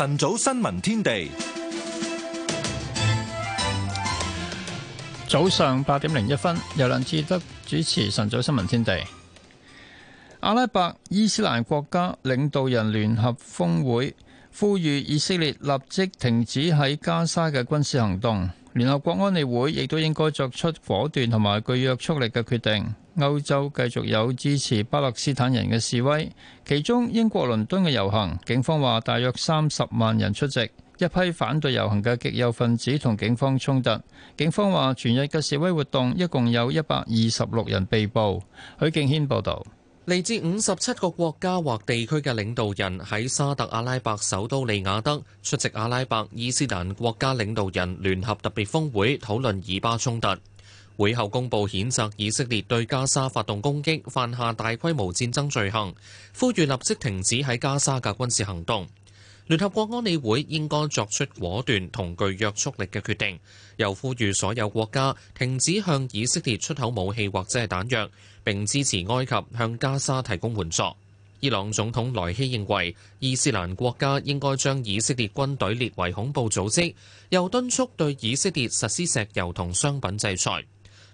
晨早新聞天地，早上八點零一分，由梁志德主持晨早新聞天地。阿拉伯、伊斯蘭國家領導人聯合峰會呼籲以色列立即停止喺加沙嘅軍事行動。聯合國安理會亦都應該作出果斷同埋具約束力嘅決定。歐洲繼續有支持巴勒斯坦人嘅示威，其中英國倫敦嘅遊行，警方話大約三十萬人出席。一批反對遊行嘅極右分子同警方衝突。警方話全日嘅示威活動一共有一百二十六人被捕。許敬軒報導。嚟自五十七個國家或地區嘅領導人喺沙特阿拉伯首都利雅德出席阿拉伯伊斯蘭國家領導人聯合特別峰會，討論以巴衝突。會後公佈譴責以色列對加沙發動攻擊，犯下大規模戰爭罪行，呼籲立即停止喺加沙嘅軍事行動。聯合國安理會應該作出果斷同具約束力嘅決定，又呼籲所有國家停止向以色列出口武器或者彈藥，並支持埃及向加沙提供援助。伊朗總統萊希認為，伊斯蘭國家應該將以色列軍隊列為恐怖組織，又敦促對以色列實施石油同商品制裁。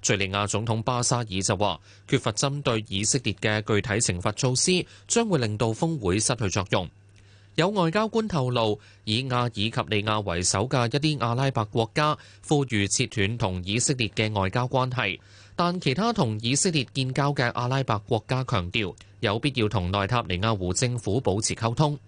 敍利亞總統巴沙爾就話，缺乏針對以色列嘅具體懲罰措施，將會令到峰會失去作用。有外交官透露，以阿爾及利亞為首嘅一啲阿拉伯國家呼籲切斷同以色列嘅外交關係，但其他同以色列建交嘅阿拉伯國家強調有必要同內塔尼亞胡政府保持溝通。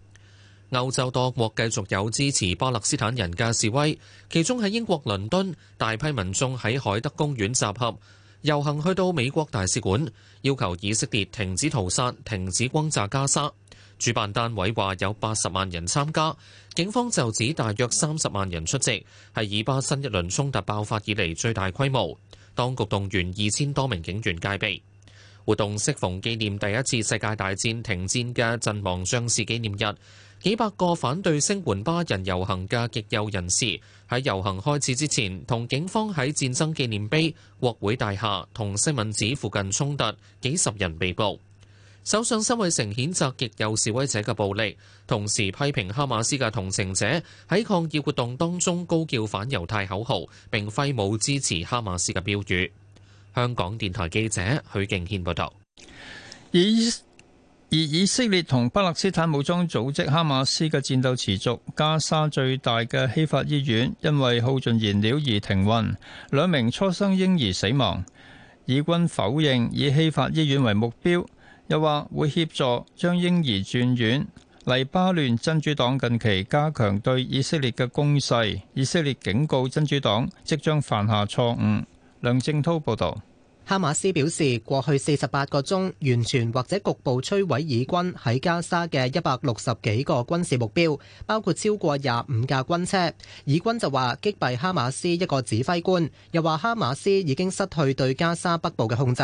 歐洲多國繼續有支持巴勒斯坦人嘅示威，其中喺英國倫敦，大批民眾喺海德公園集合遊行，去到美國大使館，要求以色列停止屠殺、停止轟炸加沙。主辦單位話有八十萬人參加，警方就指大約三十萬人出席，係以巴新一輪衝突爆發以嚟最大規模。當局動員二千多名警員戒備。活動適逢紀念第一次世界大戰停戰嘅陣亡將士紀念日，幾百個反對聲援巴人遊行嘅極右人士喺遊行開始之前，同警方喺戰爭紀念碑、國會大廈同西敏寺附近衝突，幾十人被捕。首相辛偉誠譴責極右示威者嘅暴力，同時批評哈馬斯嘅同情者喺抗議活動當中高叫反猶太口號，並揮舞支持哈馬斯嘅標語。香港電台記者許敬軒報道。以以以色列同巴勒斯坦武裝組織哈馬斯嘅戰鬥持續，加沙最大嘅希法醫院因為耗盡燃料而停運，兩名初生嬰兒死亡。以軍否認以希法醫院為目標。又話會協助將嬰兒轉院。黎巴嫩真主黨近期加強對以色列嘅攻勢，以色列警告真主黨即將犯下錯誤。梁正滔報導。哈馬斯表示，過去四十八個鐘完全或者局部摧毀以軍喺加沙嘅一百六十幾個軍事目標，包括超過廿五架軍車。以軍就話擊斃哈馬斯一個指揮官，又話哈馬斯已經失去對加沙北部嘅控制。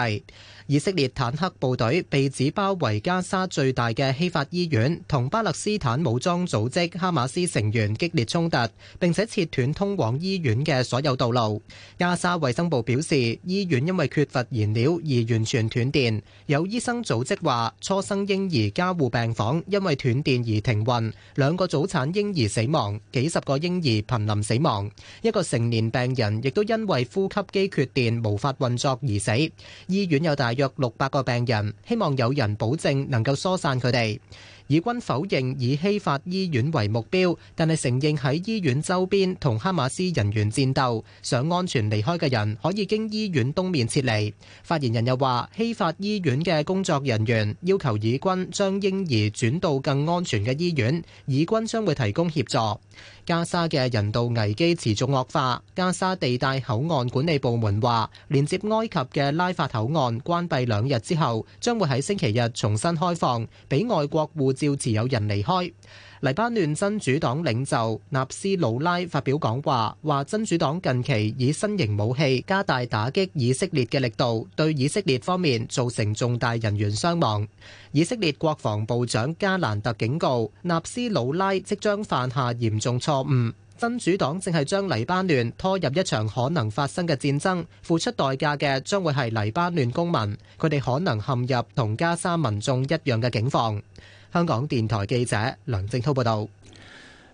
以色列坦克部隊被指包圍加沙最大嘅希法醫院，同巴勒斯坦武裝組織哈馬斯成員激烈衝突，並且切斷通往醫院嘅所有道路。加沙衛生部表示，醫院因為缺乏燃料而完全斷電，有醫生組織話，初生嬰兒加護病房因為斷電而停運，兩個早產嬰兒死亡，幾十個嬰兒瀕臨死亡。一個成年病人亦都因為呼吸機缺電無法運作而死。醫院有大約六百個病人，希望有人保證能夠疏散佢哋。以軍否認以希法醫院為目標，但係承認喺醫院周邊同哈馬斯人員戰鬥。想安全離開嘅人可以經醫院東面撤離。發言人又話：希法醫院嘅工作人員要求以軍將嬰兒轉到更安全嘅醫院，以軍將會提供協助。加沙嘅人道危機持續惡化。加沙地帶口岸管理部門話，連接埃及嘅拉法口岸關閉兩日之後，將會喺星期日重新開放，俾外國護照，持有人離開黎巴嫩。真主黨領袖納斯魯拉發表講話，話真主黨近期以新型武器加大打擊以色列嘅力度，對以色列方面造成重大人員傷亡。以色列國防部長加蘭特警告，納斯魯拉即將犯下嚴重錯誤。真主黨正係將黎巴嫩拖入一場可能發生嘅戰爭，付出代價嘅將會係黎巴嫩公民，佢哋可能陷入同加沙民眾一樣嘅境況。香港電台記者梁靜濤報道：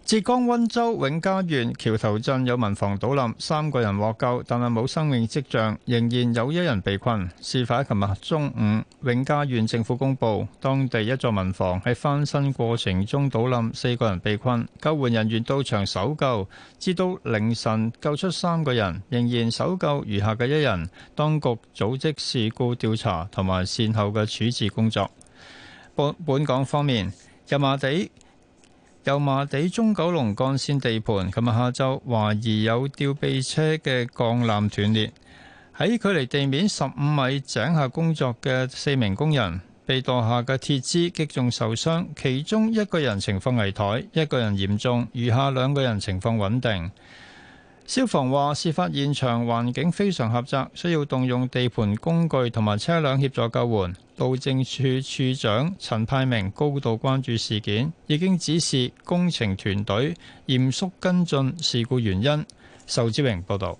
浙江溫州永嘉縣橋頭鎮有民房倒冧，三個人獲救，但係冇生命跡象，仍然有一人被困。事發喺琴日中午，永嘉縣政府公布，當地一座民房喺翻新過程中倒冧，四個人被困，救援人員到場搜救，至到凌晨救出三個人，仍然搜救餘下嘅一人。當局組織事故調查同埋善後嘅處置工作。本港方面，油麻地、油麻地中九龍幹線地盤，今日下晝懷疑有吊臂車嘅鋼纜斷裂，喺距離地面十五米井下工作嘅四名工人被墮下嘅鐵枝擊中受傷，其中一個人情況危殆，一個人嚴重，餘下兩個人情況穩定。消防話，事發現場環境非常狹窄，需要動用地盤工具同埋車輛協助救援。路政處處長陳派明高度關注事件，已經指示工程團隊嚴肅跟進事故原因。仇志榮報道。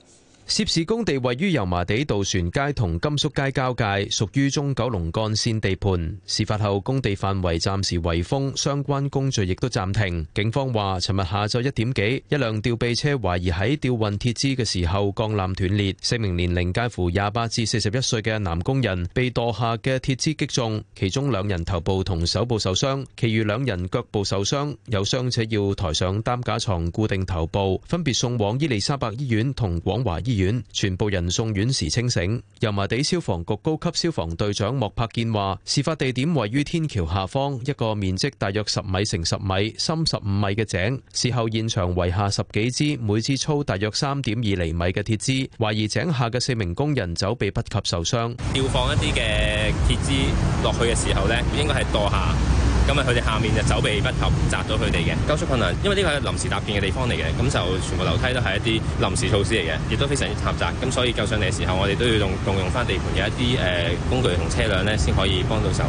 涉事工地位於油麻地渡船街同甘肅街交界，屬於中九龍幹線地盤。事發後，工地範圍暫時圍封，相關工序亦都暫停。警方話，尋日下晝一點幾，一輛吊臂車懷疑喺吊運鐵枝嘅時候，鋼纜斷裂，四名年齡介乎廿八至四十一歲嘅男工人被墮下嘅鐵枝擊中，其中兩人頭部同手部受傷，其餘兩人腳部受傷，有傷者要抬上擔架床固定頭部，分別送往伊利沙伯醫院同廣華醫院。院全部人送院時清醒。油麻地消防局高級消防隊長莫柏健話，事發地點位於天橋下方一個面積大約十米乘十米、深十五米嘅井。事後現場圍下十幾支，每支粗大約三點二厘米嘅鐵枝，懷疑井下嘅四名工人走避不及受傷。吊放一啲嘅鐵枝落去嘅時候呢，應該係墮下。咁啊，佢哋下面就走避不及，砸到佢哋嘅救出困難，因為呢個係臨時搭建嘅地方嚟嘅，咁就全部樓梯都係一啲臨時措施嚟嘅，亦都非常之狹窄，咁所以救上嚟嘅時候，我哋都要用共用翻地盤嘅一啲誒工具同車輛咧，先可以幫到手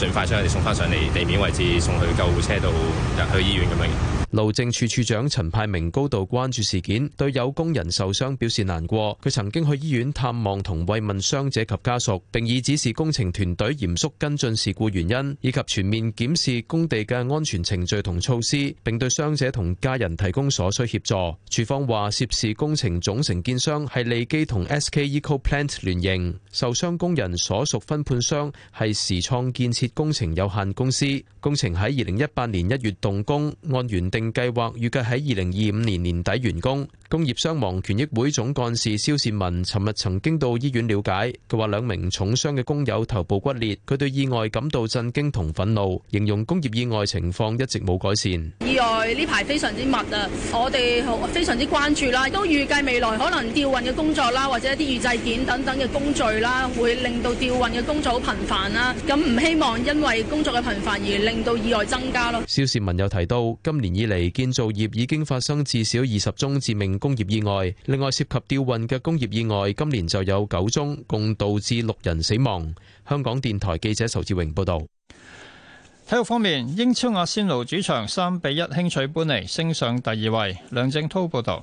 誒，盡快將佢哋送翻上嚟地面位置，送去救護車度入去醫院咁樣。路政處處長陳派明高度關注事件，對有工人受傷表示難過。佢曾經去醫院探望同慰問傷者及家屬，並已指示工程團隊嚴肅跟進事故原因，以及全面檢檢視工地嘅安全程序同措施，並對傷者同家人提供所需協助。署方話涉事工程總承建商係利基同 SK Eco Plant 聯營，受傷工人所屬分判商係時創建設工程有限公司。工程喺二零一八年一月動工，按原定計劃預計喺二零二五年年底完工。工業傷亡權益會總幹事蕭善文尋日曾經到醫院了解，佢話兩名重傷嘅工友頭部骨裂，佢對意外感到震驚同憤怒。形容工業意外情況一直冇改善，意外呢排非常之密啊！我哋非常之關注啦，都預計未來可能吊運嘅工作啦，或者一啲預製件等等嘅工序啦，會令到吊運嘅工作好頻繁啦。咁唔希望因為工作嘅頻繁而令到意外增加咯。蕭志文又提到，今年以嚟建造業已經發生至少二十宗致命工業意外，另外涉及吊運嘅工業意外，今年就有九宗，共導致六人死亡。香港電台記者仇志榮報道。體育方面，英超阿仙奴主場三比一輕取本尼，升上第二位。梁正濤報道。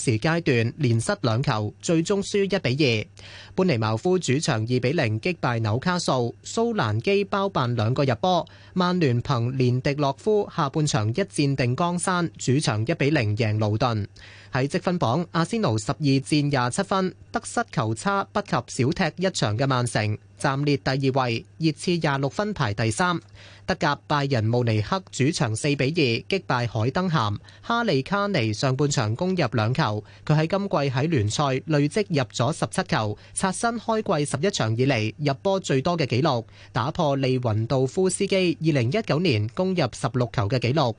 時階段連失兩球，最終輸一比二。本尼茅夫主場二比零擊敗紐卡素，蘇蘭基包辦兩個入波。曼聯憑連迪洛夫下半場一戰定江山，主場一比零贏盧頓。喺積分榜，阿仙奴十二戰廿七分，得失球差不及小踢一場嘅曼城，暫列第二位；熱刺廿六分排第三。德甲，拜仁慕尼黑主場四比二擊敗海登咸，哈利卡尼上半場攻入兩球，佢喺今季喺聯賽累積入咗十七球，刷新開季十一場以嚟入波最多嘅紀錄，打破利雲道夫斯基二零一九年攻入十六球嘅紀錄。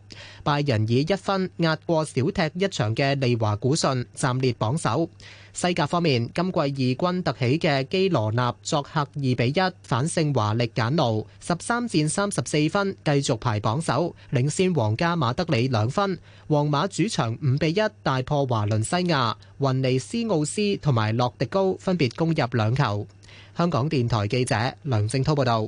拜仁以一分壓過少踢一場嘅利華古遜，暫列榜首。西甲方面，今季異軍突起嘅基羅納作客二比一反勝華歷簡奴，十三戰三十四四分繼續排榜首，領先皇家馬德里兩分。皇馬主場五比一大破華倫西亞，雲尼斯奧斯同埋洛迪高分別攻入兩球。香港電台記者梁正濤報道。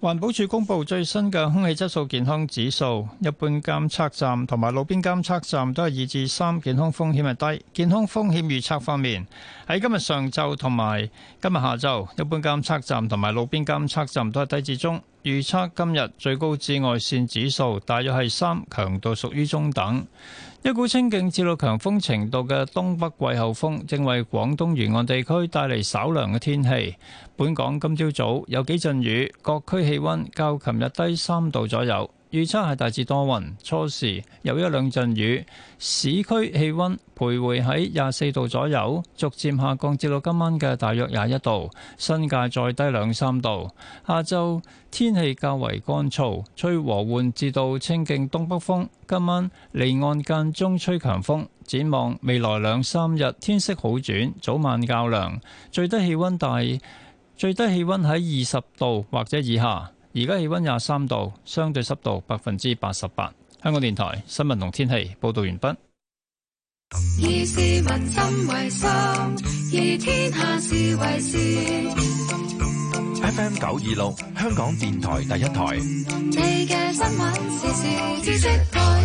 環保署公布最新嘅空氣質素健康指數，一般監測站同埋路邊監測站都係二至三，健康風險係低。健康風險預測方面，喺今日上晝同埋今日下晝，一般監測站同埋路邊監測站都係低至中。預測今日最高紫外線指數大約係三，強度屬於中等。一股清勁至到強風程度嘅東北季候風，正為廣東沿岸地區帶嚟稍涼嘅天氣。本港今朝早有幾陣雨，各區氣溫較琴日低三度左右。預測係大致多雲，初時有一兩陣雨，市區氣溫徘徊喺廿四度左右，逐漸下降至到今晚嘅大約廿一度，新界再低兩三度。下晝天氣較為乾燥，吹和緩至到清勁東北風。今晚離岸間中吹強風。展望未來兩三日天色好轉，早晚較涼，最低氣溫大，最低氣溫喺二十度或者以下。而家氣溫廿三度，相對濕度百分之八十八。香港電台新聞同天氣報導完畢。以事物心為心，以天下事為事。FM 九二六，香港電台第一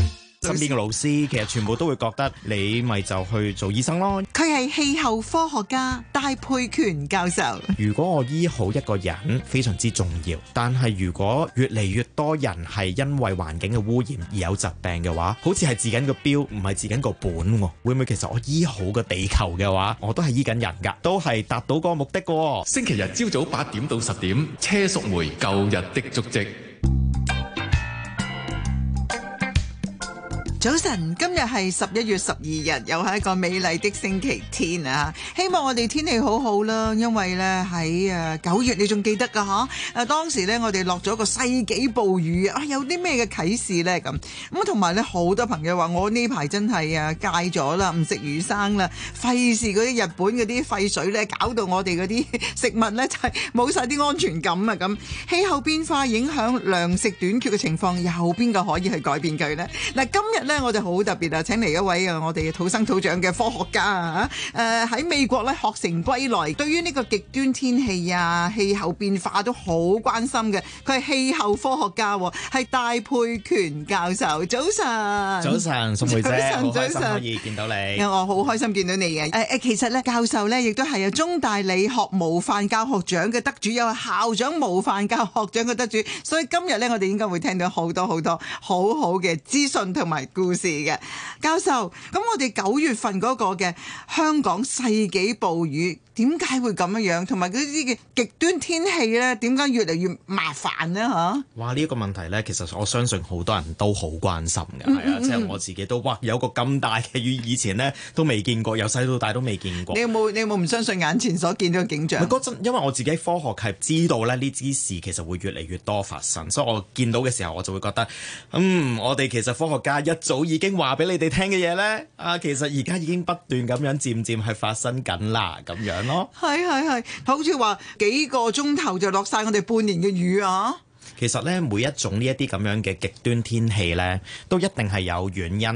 台。身邊嘅老師，其實全部都會覺得你咪就去做醫生咯。佢係氣候科學家戴佩權教授。如果我醫好一個人非常之重要，但係如果越嚟越多人係因為環境嘅污染，而有疾病嘅話，好似係治緊個標，唔係治緊個本喎。會唔會其實我醫好個地球嘅話，我都係醫緊人噶，都係達到個目的噶。星期日朝早八點到十點，車淑梅舊日的足跡。早晨，今日係十一月十二日，又係一個美麗的星期天啊！希望我哋天氣好好啦，因為咧喺，誒九月，你仲記得噶吓？誒、啊啊、當時咧，我哋落咗個世紀暴雨啊！有啲咩嘅啟示咧？咁咁同埋咧，好多朋友話我呢排真係啊戒咗啦，唔食魚生啦，費事啲日本啲廢水咧，搞到我哋啲食物咧就係冇晒啲安全感啊！咁氣候變化影響糧食短缺嘅情況，又邊個可以去改變佢咧？嗱、啊，今日咧。我哋好特別啊，請嚟一位啊，我哋土生土長嘅科學家啊，誒喺美國咧學成歸來，對於呢個極端天氣啊、氣候變化都好關心嘅。佢係氣候科學家，係戴佩權教授。早晨，早晨，宋梅姐，早晨，早晨可以見到你，我好開心見到你嘅。誒誒，其實咧，教授咧亦都係啊，中大理學模範教學獎嘅得主，又係校長模範教學獎嘅得主，所以今日咧，我哋應該會聽到好多好多好好嘅資訊同埋。故事嘅教授，咁我哋九月份嗰個嘅香港世紀暴雨。點解會咁樣樣？同埋嗰啲嘅極端天氣呢，點解越嚟越麻煩呢？吓！哇！呢一個問題咧，其實我相信好多人都好關心嘅，係、嗯嗯、啊，即係我自己都哇，有個咁大嘅雨，以前呢都未見過，由細到大都未見過。你有冇你有冇唔相信眼前所見到嘅景象？嗰陣因為我自己科學係知道咧，呢啲事其實會越嚟越多發生，所以我見到嘅時候，我就會覺得，嗯，我哋其實科學家一早已經話俾你哋聽嘅嘢呢，啊，其實而家已經不斷咁樣漸漸係發生緊啦，咁樣。係係係，好似話幾個鐘頭就落晒我哋半年嘅雨啊。其實咧，每一種呢一啲咁樣嘅極端天氣咧，都一定係有原因。